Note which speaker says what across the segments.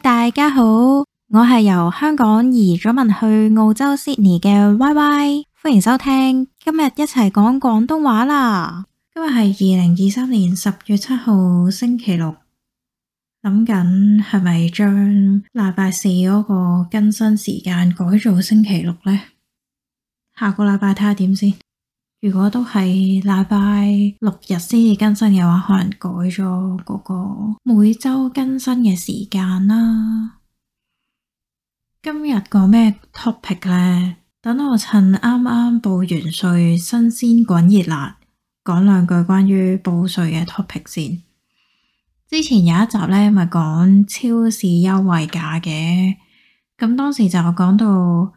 Speaker 1: 大家好，我係由香港移咗民去澳洲悉尼嘅 Y Y，歡迎收聽今日一齊講廣東話啦。今日係二零二三年十月七號星期六，諗緊係咪將禮拜四嗰個更新時間改做星期六呢？下個禮拜睇下點先。如果都係禮拜六日先至更新嘅話，可能改咗嗰個每周更新嘅時間啦。今日講咩 topic 呢？等我趁啱啱報完稅，新鮮滾熱辣，講兩句關於報稅嘅 topic 先。之前有一集咧，咪講超市優惠價嘅，咁當時就講到。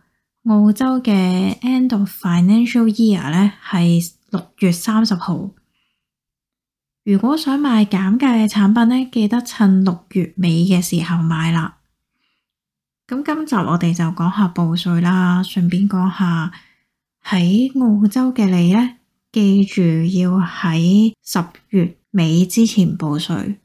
Speaker 1: 澳洲嘅 end of financial year 咧，係六月三十號。如果想買減價嘅產品咧，記得趁六月尾嘅時候買啦。咁今集我哋就講下報稅啦，順便講下喺澳洲嘅你咧，記住要喺十月尾之前報稅。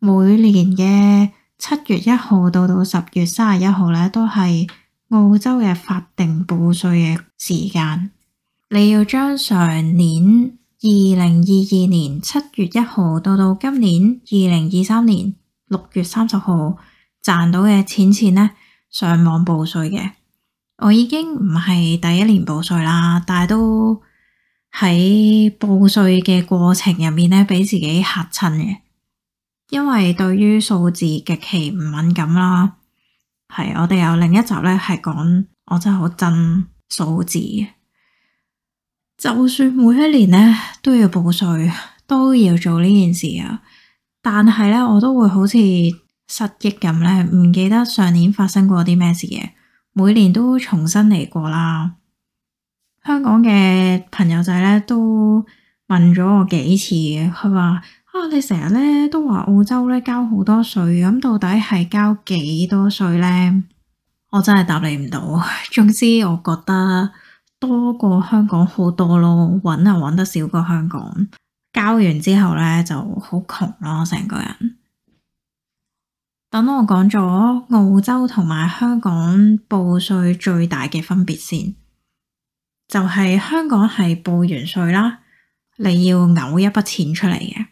Speaker 1: 每年嘅七月一號到到十月三十一號咧，都係。澳洲嘅法定報稅嘅時間，你要將上年二零二二年七月一號到到今年二零二三年六月三十號賺到嘅錢錢咧上網報稅嘅。我已經唔係第一年報稅啦，但係都喺報稅嘅過程入面咧，俾自己吓親嘅，因為對於數字極其唔敏感啦。係，我哋有另一集咧，係講我真係好憎數字。就算每一年咧都要報稅，都要做呢件事啊，但係咧我都會好似失憶咁咧，唔記得上年發生過啲咩事嘢。每年都重新嚟過啦。香港嘅朋友仔咧都問咗我幾次，佢話。啊、你成日咧都話澳洲咧交好多稅，咁到底係交幾多稅咧？我真係答你唔到。總之我覺得多過香港好多咯，搵又搵得少過香港。交完之後咧就好窮咯，成個人。等我講咗澳洲同埋香港報稅最大嘅分別先，就係、是、香港係報完稅啦，你要嘔一筆錢出嚟嘅。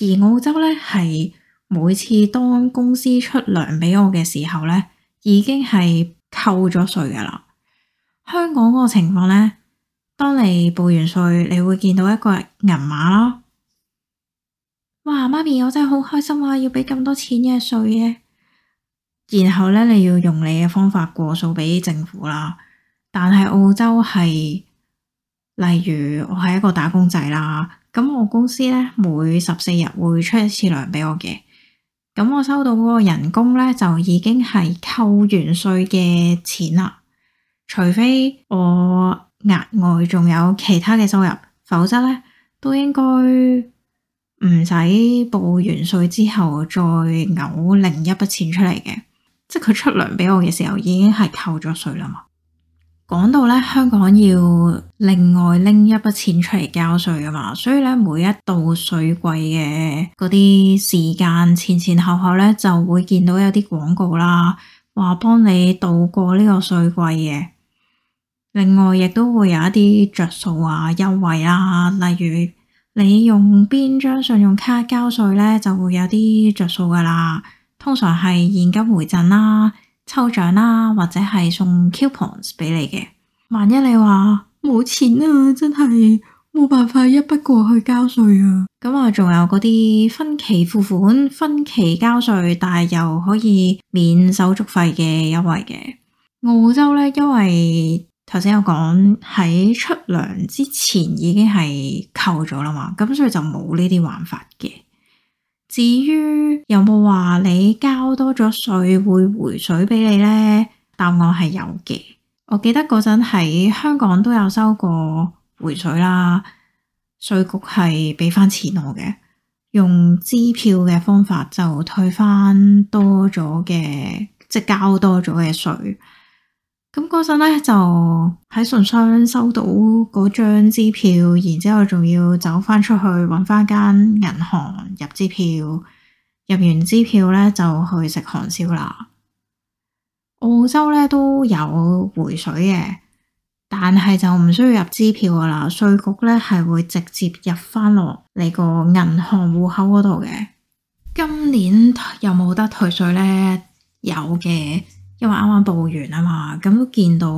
Speaker 1: 而澳洲咧，係每次當公司出糧俾我嘅時候咧，已經係扣咗稅噶啦。香港嗰個情況咧，當你報完稅，你會見到一個銀碼咯。哇，媽咪，我真係好開心啊！要俾咁多錢嘅稅咧，然後咧，你要用你嘅方法過數俾政府啦。但係澳洲係，例如我係一個打工仔啦。咁我公司咧每十四日會出一次糧俾我嘅，咁我收到嗰個人工咧就已經係扣完稅嘅錢啦。除非我額外仲有其他嘅收入，否則咧都應該唔使報完稅之後再嘔另一筆錢出嚟嘅，即係佢出糧俾我嘅時候已經係扣咗稅啦嘛。講到咧，香港要另外拎一筆錢出嚟交稅㗎嘛，所以咧每一度稅季嘅嗰啲時間前前後後咧就會見到有啲廣告啦，話幫你度過呢個稅季嘅。另外亦都會有一啲着數啊優惠啊，例如你用邊張信用卡交稅咧，就會有啲着數噶啦，通常係現金回贈啦、啊。抽獎啦，或者係送 coupons 俾你嘅。萬一你話冇錢啊，真係冇辦法一筆過去交稅啊。咁啊，仲有嗰啲分期付款、分期交稅，但係又可以免手續費嘅優惠嘅。澳洲呢，因為頭先有講喺出糧之前已經係扣咗啦嘛，咁所以就冇呢啲玩法嘅。至於有冇話你交多咗稅會回水俾你呢？答案係有嘅。我記得嗰陣喺香港都有收過回水啦，稅局係俾翻錢我嘅，用支票嘅方法就退翻多咗嘅，即係交多咗嘅稅。咁嗰陣咧，就喺信箱收到嗰張支票，然之後仲要走翻出去揾翻間銀行入支票，入完支票咧就去食韓燒啦。澳洲咧都有回水嘅，但係就唔需要入支票噶啦，稅局咧係會直接入翻落你個銀行戶口嗰度嘅。今年有冇得退稅咧？有嘅。因為啱啱報完啊嘛，咁都見到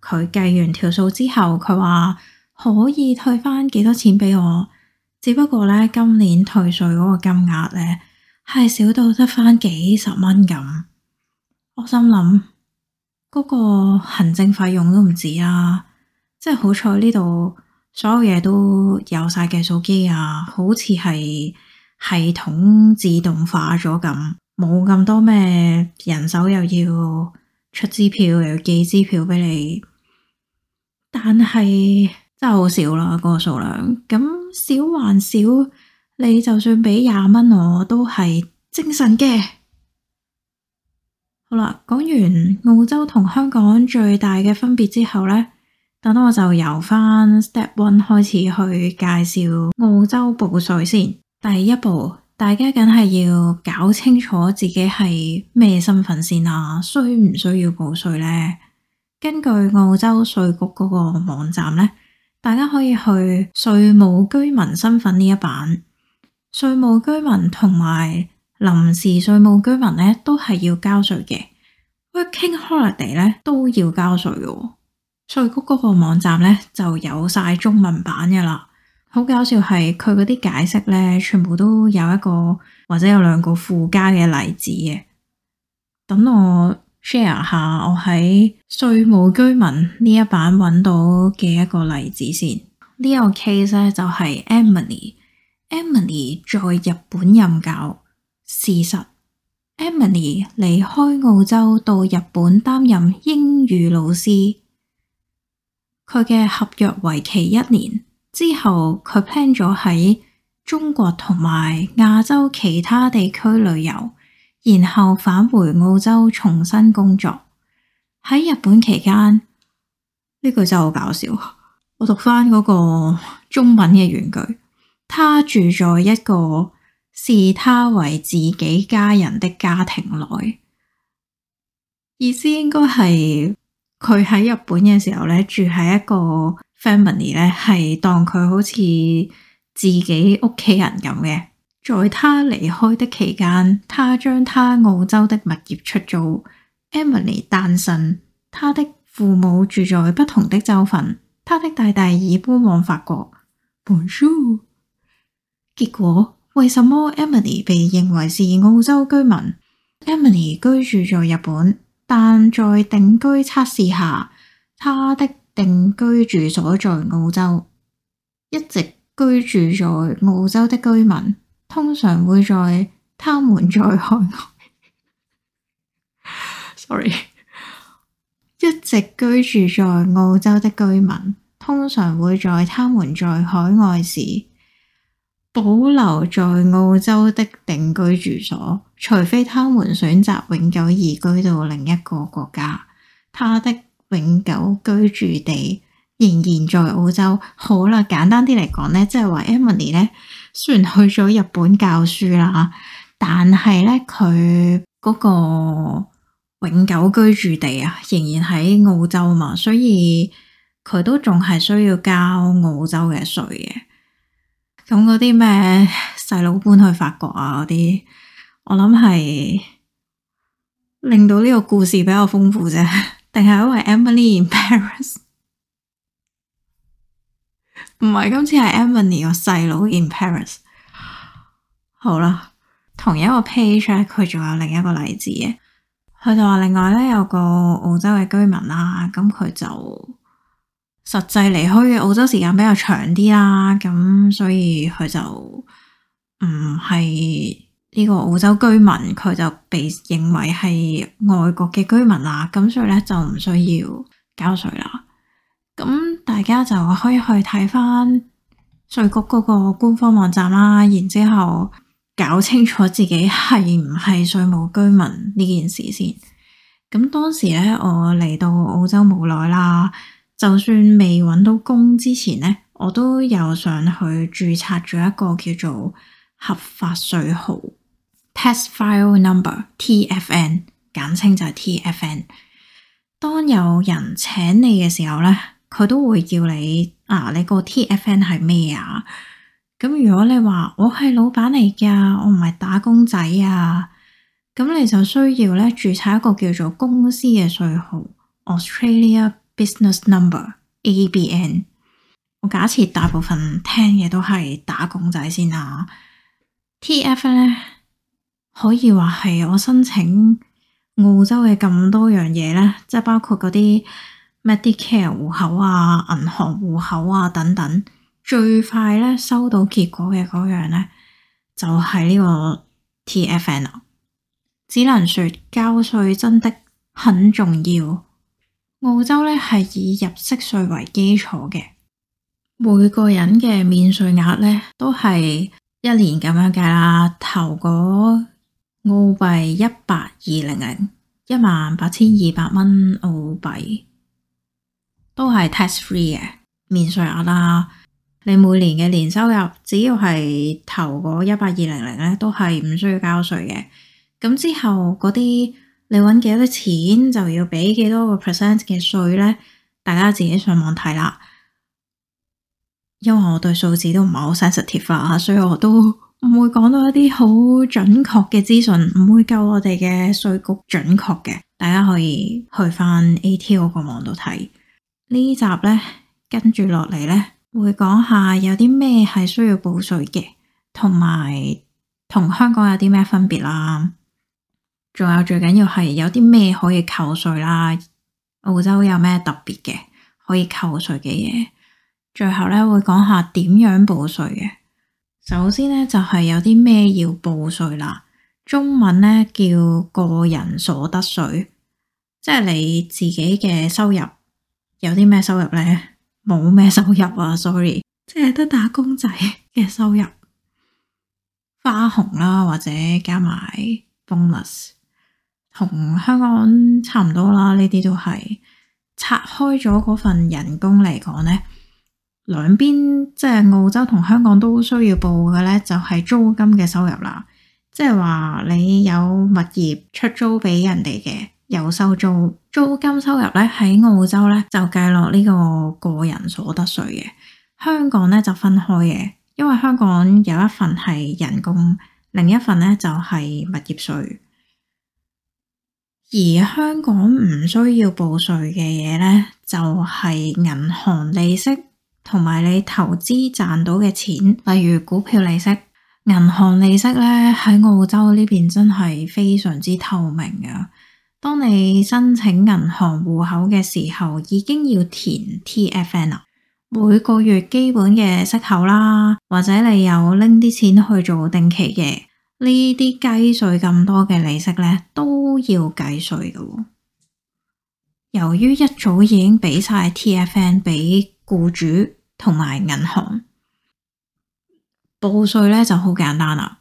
Speaker 1: 佢計完條數之後，佢話可以退翻幾多錢俾我，只不過咧今年退稅嗰個金額咧係少到得翻幾十蚊咁，我心諗嗰個行政費用都唔止啊，即係好彩呢度所有嘢都有晒計數機啊，好似係系統自動化咗咁。冇咁多咩人手，又要出支票，又要寄支票畀你。但係真係好少啦，嗰、那個數量咁少小還少，你就算畀廿蚊我都係精神嘅。好啦，講完澳洲同香港最大嘅分別之後呢，等我就由翻 step one 開始去介紹澳洲報稅先，第一步。大家梗係要搞清楚自己係咩身份先啦，需唔需要報稅咧？根據澳洲稅局嗰個網站咧，大家可以去稅務居民身份呢一版，稅務居民同埋臨時稅務居民咧都係要交稅嘅，working holiday 咧都要交稅嘅喎。稅局嗰個網站咧就有晒中文版嘅啦。好搞笑係佢嗰啲解釋咧，全部都有一個或者有兩個附加嘅例子嘅。等我 share 下我喺稅務居民呢一版搵到嘅一個例子先。這個、呢個 case 咧就係、是、Emily，Emily em 在日本任教。事實 Emily 離開澳洲到日本擔任英語老師，佢嘅合約為期一年。之後佢 plan 咗喺中國同埋亞洲其他地區旅遊，然後返回澳洲重新工作。喺日本期間，呢句真係好搞笑。我讀返嗰個中文嘅原句，他住在一個視他為自己家人的家庭內。意思應該係佢喺日本嘅時候呢，住喺一個。Emily 咧係當佢好似自己屋企人咁嘅，在他離開的期間，他將他澳洲的物業出租。Emily 單身，他的父母住在不同的州份，他的弟弟已搬往法國。Bonjour! 結果為什麼 Emily 被認為是澳洲居民？Emily 居住在日本，但在定居測試下，她的。定居住所在澳洲，一直居住在澳洲的居民，通常會在他們在海外。 Sorry，一直居住在澳洲的居民，通常會在他們在海外時，保留在澳洲的定居住所，除非他們選擇永久移居到另一個國家。他的永久居住地仍然在澳洲。好啦，簡單啲嚟講呢，即係話 Emily 呢，雖然去咗日本教書啦，但係呢，佢嗰個永久居住地啊，仍然喺澳洲嘛，所以佢都仲係需要交澳洲嘅稅嘅。咁嗰啲咩細佬搬去法國啊嗰啲，我諗係令到呢個故事比較豐富啫。定係因為 Emily in Paris，唔 係，今次係 Emily 個細佬 in Paris。好啦，同一個 page 佢仲有另一個例子嘅，佢就話另外咧有個澳洲嘅居民啦，啊，咁佢就實際離開嘅澳洲時間比較長啲啦，咁所以佢就唔係。呢個澳洲居民佢就被認為係外國嘅居民啦，咁所以咧就唔需要交稅啦。咁大家就可以去睇翻稅局嗰個官方網站啦，然之後搞清楚自己係唔係稅務居民呢件事先。咁當時咧，我嚟到澳洲無耐啦，就算未揾到工之前咧，我都有上去註冊咗一個叫做合法稅號。Tax File Number（TFN） 簡稱就係 TFN。當有人請你嘅時候咧，佢都會叫你啊，你個 TFN 係咩啊？咁如果你話我係老闆嚟噶，我唔係打工仔啊，咁你就需要咧註冊一個叫做公司嘅稅號 （Australia Business Number，ABN）。我假設大部分聽嘅都係打工仔先啦。TFN 可以話係我申請澳洲嘅咁多樣嘢呢，即係包括嗰啲 Medicare 戶口啊、銀行戶口啊等等，最快咧收到結果嘅嗰樣呢，就係呢個 TFN。只能說交稅真的很重要。澳洲呢係以入息稅為基礎嘅，每個人嘅免稅額呢都係一年咁樣計啦，頭嗰。係一百二零零一萬八千二百蚊澳幣，都係 tax free 嘅免稅額啦、啊。你每年嘅年收入只要係頭嗰一百二零零咧，都係唔需要交稅嘅。咁之後嗰啲你揾幾多錢就要俾幾多個 percent 嘅稅咧，大家自己上網睇啦。因為我對數字都唔係好 sensitive 呀，所以我都。唔會講到一啲好準確嘅資訊，唔會夠我哋嘅稅局準確嘅，大家可以去翻 ATO 嗰個網度睇。集呢集咧跟住落嚟咧，會講下有啲咩係需要報稅嘅，同埋同香港有啲咩分別啦。仲有最緊要係有啲咩可以扣稅啦，澳洲有咩特別嘅可以扣稅嘅嘢。最後咧會講下點樣報稅嘅。首先咧，就係有啲咩要報稅啦。中文咧叫個人所得稅，即係你自己嘅收入，有啲咩收入咧？冇咩收入啊？Sorry，即係得打工仔嘅收入，花紅啦，或者加埋 bonus，同香港差唔多啦。呢啲都係拆開咗嗰份人工嚟講咧。兩邊即係澳洲同香港都需要報嘅咧，就係租金嘅收入啦。即係話你有物業出租俾人哋嘅，有收租租金收入咧。喺澳洲咧就計落呢個個人所得稅嘅，香港咧就分開嘅，因為香港有一份係人工，另一份咧就係物業稅。而香港唔需要報稅嘅嘢咧，就係銀行利息。同埋你投資賺到嘅錢，例如股票利息、銀行利息咧，喺澳洲呢邊真係非常之透明㗎。當你申請銀行戶口嘅時候，已經要填 TFN 啦。每個月基本嘅息口啦，或者你有拎啲錢去做定期嘅，呢啲計稅咁多嘅利息咧，都要計稅㗎。由於一早已經俾晒 TFN 俾僱主。同埋銀行報稅咧就好簡單啦，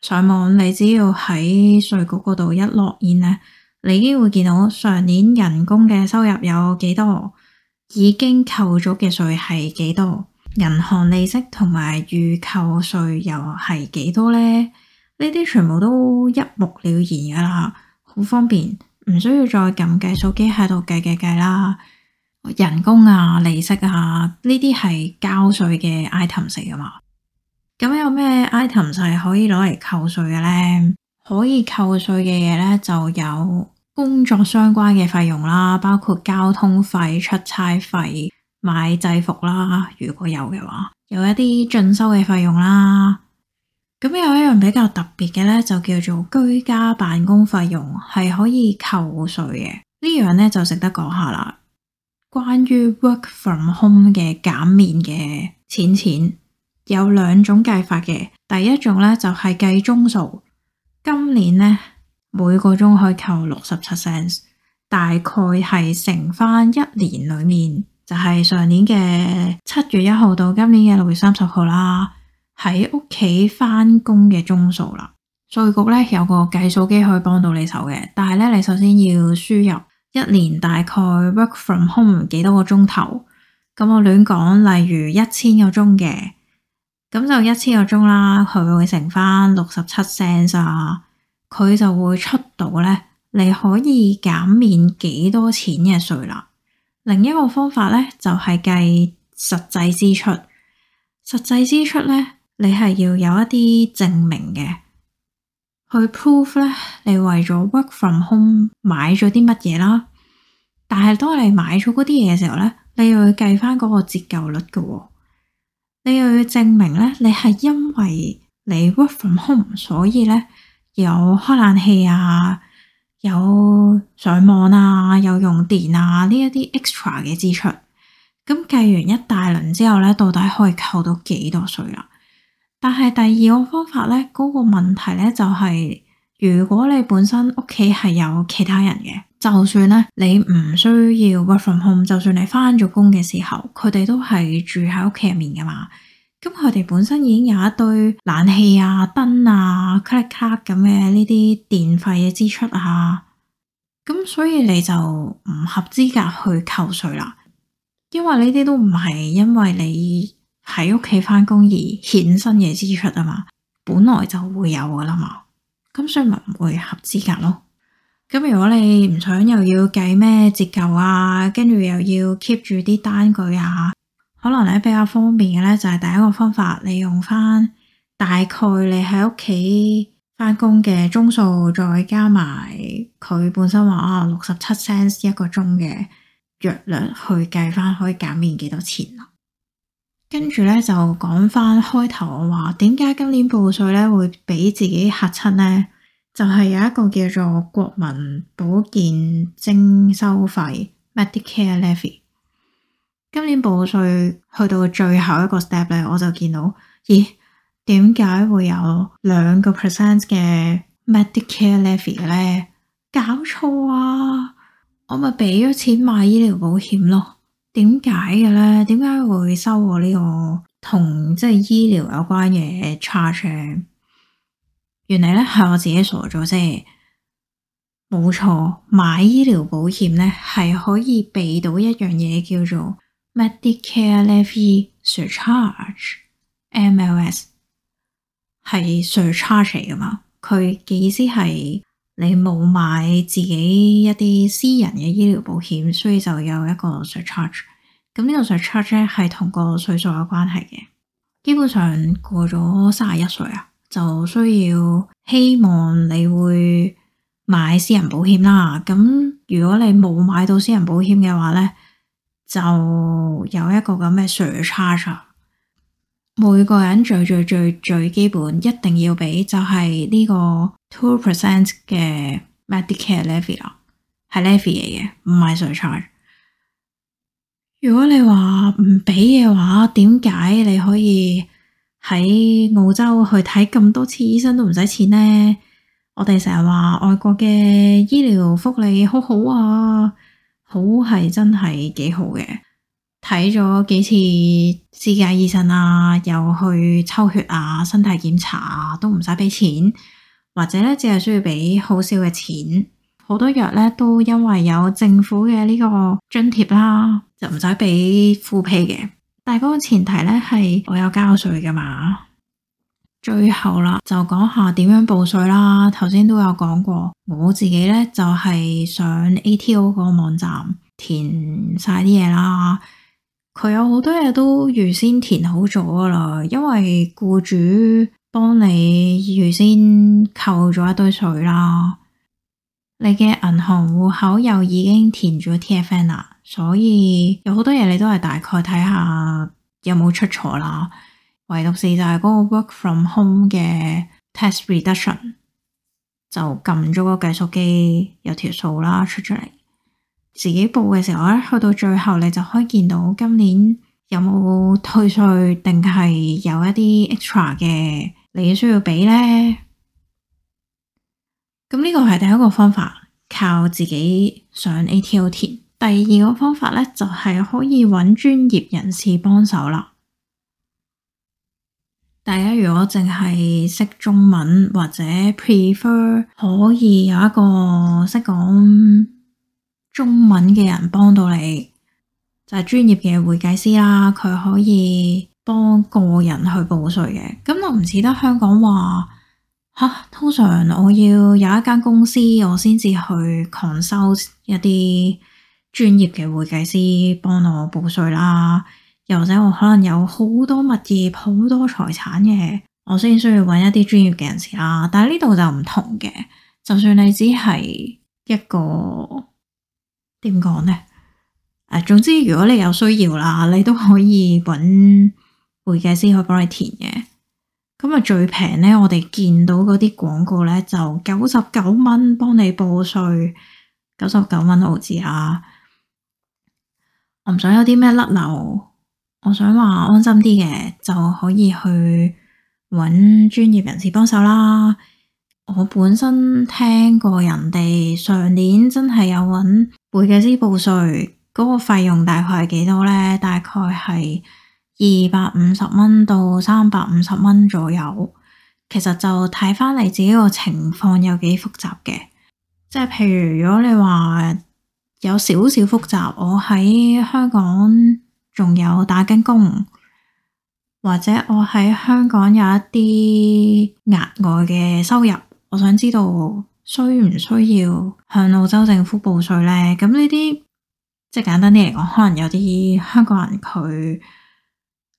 Speaker 1: 上網你只要喺稅局嗰度一落頁咧，你已經會見到上年人工嘅收入有幾多，已經扣咗嘅稅係幾多，銀行利息同埋預扣稅又係幾多咧？呢啲全部都一目了然噶啦，好方便，唔需要再撳計數機喺度計計計啦。人工啊，利息啊，呢啲係交稅嘅 items 嚟噶嘛？咁有咩 items 係可以攞嚟扣稅嘅呢？可以扣稅嘅嘢呢，就有工作相關嘅費用啦，包括交通費、出差費、買製服啦，如果有嘅話，有一啲進修嘅費用啦。咁有一樣比較特別嘅呢，就叫做居家辦公費用，係可以扣稅嘅，呢樣呢，就值得講下啦。關於 work from home 嘅減免嘅錢錢，有兩種計法嘅。第一種咧就係計鐘數，今年咧每個鐘可以扣六十七 cents，大概係乘翻一年裏面，就係上年嘅七月一號到今年嘅六月三十號啦，喺屋企翻工嘅鐘數啦。稅局咧有個計數機可以幫到你手嘅，但係咧你首先要輸入。一年大概 work from home 幾多個鐘頭，咁我亂講，例如一千個鐘嘅，咁就一千個鐘啦，佢會乘翻六十七 cents 啊，佢就會出到咧，你可以減免幾多錢嘅稅啦。另一個方法咧就係、是、計實際支出，實際支出咧，你係要有一啲證明嘅。去 proof 咧，你為咗 work from home 買咗啲乜嘢啦？但係當你買咗嗰啲嘢嘅時候咧，你又要計翻嗰個折舊率嘅。你又要證明咧，你係因為你 work from home，所以咧有開冷氣啊，有上網啊，有用電啊呢一啲 extra 嘅支出。咁計完一大輪之後咧，到底可以扣到幾多稅啦？但係第二個方法咧，嗰、那個問題咧就係、是，如果你本身屋企係有其他人嘅，就算咧你唔需要 work from home，就算你翻咗工嘅時候，佢哋都係住喺屋企入面噶嘛，咁佢哋本身已經有一堆冷氣啊、燈啊、credit card 咁嘅呢啲電費嘅支出啊，咁所以你就唔合資格去扣稅啦，因為呢啲都唔係因為你。喺屋企翻工而衍生嘅支出啊嘛，本來就會有噶啦嘛，咁所以咪唔會合資格咯。咁如果你唔想又要計咩折舊啊，跟住又要 keep 住啲單據啊，可能咧比較方便嘅咧就係第一個方法，你用翻大概你喺屋企翻工嘅鐘數，再加埋佢本身話啊六十七 cents 一個鐘嘅約量去計翻可以減免幾多錢啦。跟住咧就講翻開頭我話點解今年報稅咧會俾自己嚇親咧，就係、是、有一個叫做國民保健徵收費 m e d i c a r e levy）。今年報稅去到最後一個 step 咧，我就見到，咦，點解會有兩個 percent 嘅 m e d i c a r e levy 嘅咧？搞錯啊！我咪俾咗錢買醫療保險咯。點解嘅咧？點解會收我呢個同即係醫療有關嘅 charge？原嚟咧係我自己傻咗啫，冇錯，買醫療保險咧係可以避到一樣嘢叫做 Medicare Levy Surcharge，MLS 係 surcharge 嚟噶嘛？佢嘅意思係。你冇買自己一啲私人嘅醫療保險，所以就有一個 surcharge。咁呢個 surcharge 咧係同個歲數有關係嘅。基本上過咗三十一歲啊，就需要希望你會買私人保險啦。咁如果你冇買到私人保險嘅話咧，就有一個咁嘅 surcharge。每個人最最最最基本一定要畀就係呢個 two percent 嘅 Medicare levy 咯，係 levy 嚟嘅，唔係 surcharge。如果你話唔畀嘅話，點解你可以喺澳洲去睇咁多次醫生都唔使錢呢？我哋成日話外國嘅醫療福利好好啊，好，係真係幾好嘅。睇咗幾次私家醫生啊，又去抽血啊，身體檢查啊，都唔使俾錢，或者咧只係需要俾好少嘅錢。好多藥咧都因為有政府嘅呢個津貼啦，就唔使俾付費嘅。但係嗰個前提咧係我有交稅㗎嘛。最後啦，就講下點樣報稅啦。頭先都有講過，我自己咧就係、是、上 ATO 個網站填晒啲嘢啦。佢有好多嘢都預先填好咗啦，因為僱主幫你預先扣咗一堆稅啦,你嘅銀行戶口又已經填咗 TFN 啦，所以有好多嘢你都係大概睇下有冇出錯啦。唯獨是就係嗰個 work from home 嘅 tax reduction 就撳咗個計數機，有條數啦出咗嚟。自己報嘅時候咧，去到最後你就可以見到今年有冇退稅，定係有一啲 extra 嘅你需要俾咧。咁呢個係第一個方法，靠自己上 ATO 填。第二個方法咧，就係、是、可以揾專業人士幫手啦。大家如果淨係識中文或者 prefer，可以有一個識講。中文嘅人幫到你就係、是、專業嘅會計師啦，佢可以幫個人去報稅嘅。咁我唔似得香港話吓、啊，通常我要有一間公司，我先至去 consult 一啲專業嘅會計師幫我報稅啦。又或者我可能有好多物業、好多財產嘅，我先需要揾一啲專業嘅人士啦。但係呢度就唔同嘅，就算你只係一個。點講咧？誒，總之如果你有需要啦，你都可以揾會計師去幫你填嘅。咁啊，最平咧，我哋見到嗰啲廣告咧就九十九蚊幫你報稅，九十九蚊澳幣啦。我唔想有啲咩甩漏，我想話安心啲嘅，就可以去揾專業人士幫手啦。我本身聽過人哋上年真係有揾會計師報稅，嗰個費用大概係幾多呢？大概係二百五十蚊到三百五十蚊左右。其實就睇翻嚟自己個情況有幾複雜嘅，即係譬如如果你話有少少複雜，我喺香港仲有打緊工，或者我喺香港有一啲額外嘅收入。我想知道需唔需要向澳洲政府報稅呢？咁呢啲即係簡單啲嚟講，可能有啲香港人佢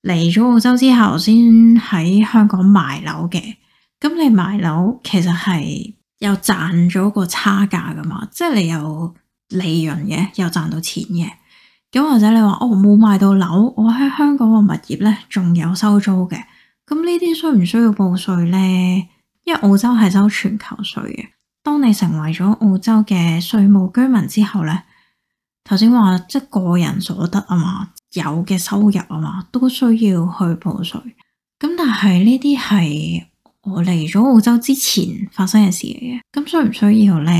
Speaker 1: 嚟咗澳洲之後，先喺香港賣樓嘅。咁你賣樓其實係又賺咗個差價噶嘛？即係你有利潤嘅，又賺到錢嘅。咁或者你話我冇賣到樓，我喺香港個物業呢仲有收租嘅。咁呢啲需唔需要報稅呢？因為澳洲係收全球稅嘅，當你成為咗澳洲嘅稅務居民之後呢，頭先話即係個人所得啊嘛，有嘅收入啊嘛，都需要去報稅。咁但係呢啲係我嚟咗澳洲之前發生嘅事嚟嘅，咁需唔需要呢？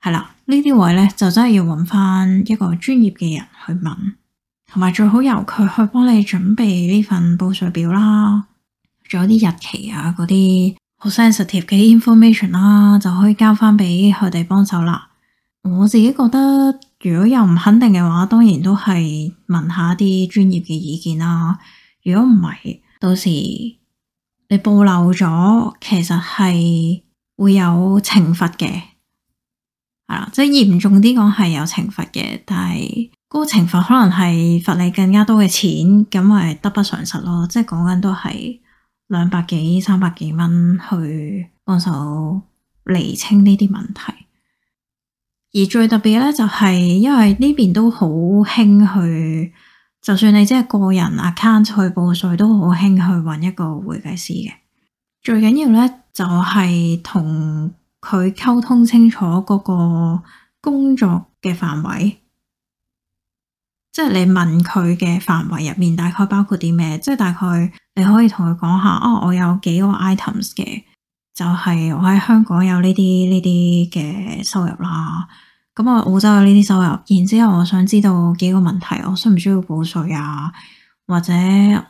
Speaker 1: 係啦，呢啲位呢，就真係要搵翻一個專業嘅人去問，同埋最好由佢去幫你準備呢份報稅表啦，仲有啲日期啊嗰啲。好 Sensitive 嘅 information 啦，就可以交翻俾佢哋幫手啦。我自己覺得，如果又唔肯定嘅話，當然都係問一下啲專業嘅意見啦。如果唔係，到時你暴露咗，其實係會有懲罰嘅。係啦，即係嚴重啲講係有懲罰嘅，但係嗰個懲罰可能係罰你更加多嘅錢，咁咪得不償失咯。即係講緊都係。兩百幾三百幾蚊去幫手釐清呢啲問題，而最特別呢，就係因為呢邊都好興去，就算你即係個人 account 去報稅都好興去揾一個會計師嘅。最緊要呢，就係同佢溝通清楚嗰個工作嘅範圍。即係你問佢嘅範圍入面大概包括啲咩？即係大概你可以同佢講下啊、哦，我有幾個 items 嘅，就係、是、我喺香港有呢啲呢啲嘅收入啦。咁啊，澳洲有呢啲收入。然之後我想知道幾個問題，我需唔需要報稅啊？或者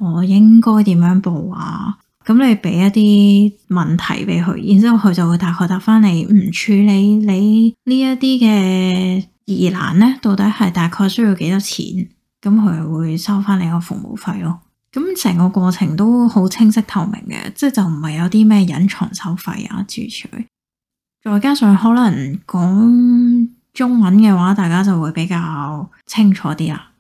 Speaker 1: 我應該點樣報啊？咁你俾一啲問題俾佢，然之後佢就會大概答翻你：「唔處理你呢一啲嘅。」而難咧，到底係大概需要幾多錢？咁佢會收翻你個服務費咯。咁成個過程都好清晰透明嘅，即係就唔係有啲咩隱藏收費啊之類。再加上可能講中文嘅話，大家就會比較清楚啲啦。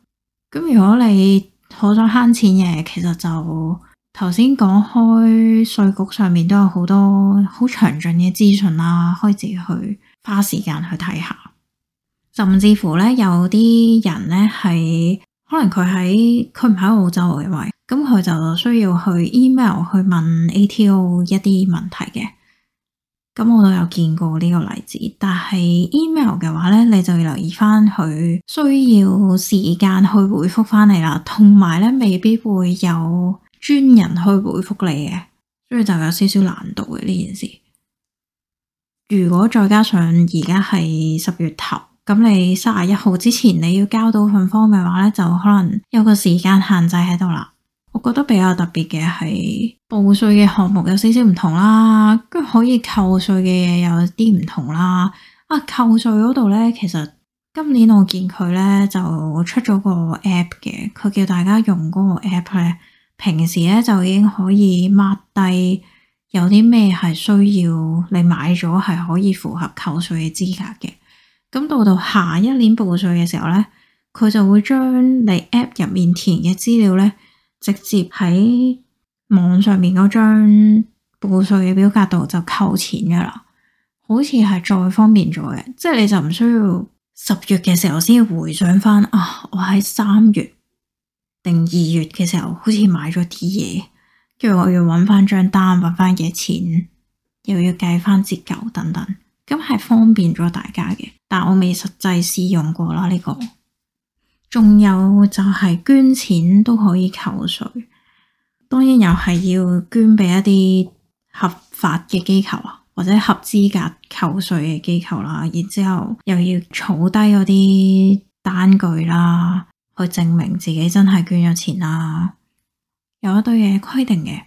Speaker 1: 咁如果你好想慳錢嘅，其實就頭先講開稅局上面都有好多好詳盡嘅資訊啦，開始去花時間去睇下。甚至乎咧，有啲人咧係可能佢喺佢唔喺澳洲嘅位，咁佢就需要去 email 去問 ATO 一啲問題嘅。咁我都有見過呢個例子，但係 email 嘅話咧，你就要留意翻佢需要時間去回覆翻你啦，同埋咧未必會有專人去回覆你嘅，所以就有少少難度嘅呢件事。如果再加上而家係十月頭。咁你三十一號之前你要交到份方嘅話咧，就可能有個時間限制喺度啦。我覺得比較特別嘅係報稅嘅項目有少少唔同啦，跟可以扣稅嘅嘢有啲唔同啦。啊，扣稅嗰度咧，其實今年我見佢咧就出咗個 app 嘅，佢叫大家用嗰個 app 咧，平時咧就已經可以 mark 低有啲咩係需要你買咗係可以符合扣稅嘅資格嘅。咁到到下一年報稅嘅時候呢，佢就會將你 app 入面填嘅資料呢，直接喺網上面嗰張報稅嘅表格度就扣錢噶啦，好似係再方便咗嘅，即係你就唔需要十月嘅時候先回想翻啊，我喺三月定二月嘅時候好似買咗啲嘢，跟住我要揾翻張單，揾翻幾錢，又要計翻折舊等等，咁係方便咗大家嘅。但我未實際試用過啦，呢個。仲有就係捐錢都可以扣稅，當然又係要捐俾一啲合法嘅機構啊，或者合資格扣稅嘅機構啦。然之後又要儲低嗰啲單據啦，去證明自己真係捐咗錢啦，有一堆嘢規定嘅。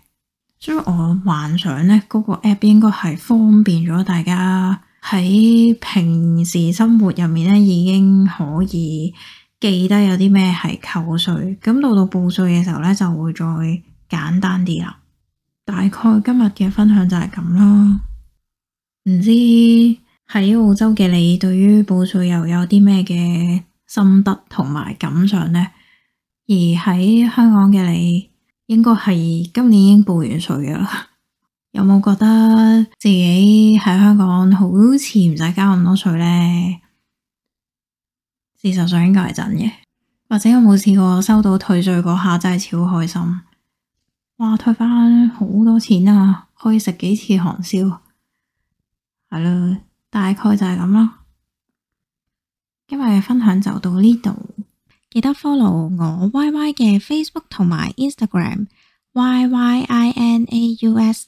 Speaker 1: 所以我幻想呢個 app 應該係方便咗大家。喺平時生活入面咧，已經可以記得有啲咩係扣稅，咁到到報稅嘅時候咧，就會再簡單啲啦。大概今日嘅分享就係咁啦。唔知喺澳洲嘅你，對於報稅又有啲咩嘅心得同埋感想呢？而喺香港嘅你，應該係今年已經報完稅㗎喇。有冇覺得自己喺香港好似唔使交咁多稅呢？事實上應該係真嘅。或者有冇試過收到退稅嗰下真係超開心！哇，退返好多錢啊，可以食幾次韓燒係咯，大概就係咁咯。今日嘅分享就到呢度，記得 follow 我 YY 嘅 Facebook 同埋 Instagram Y Y I N A U S。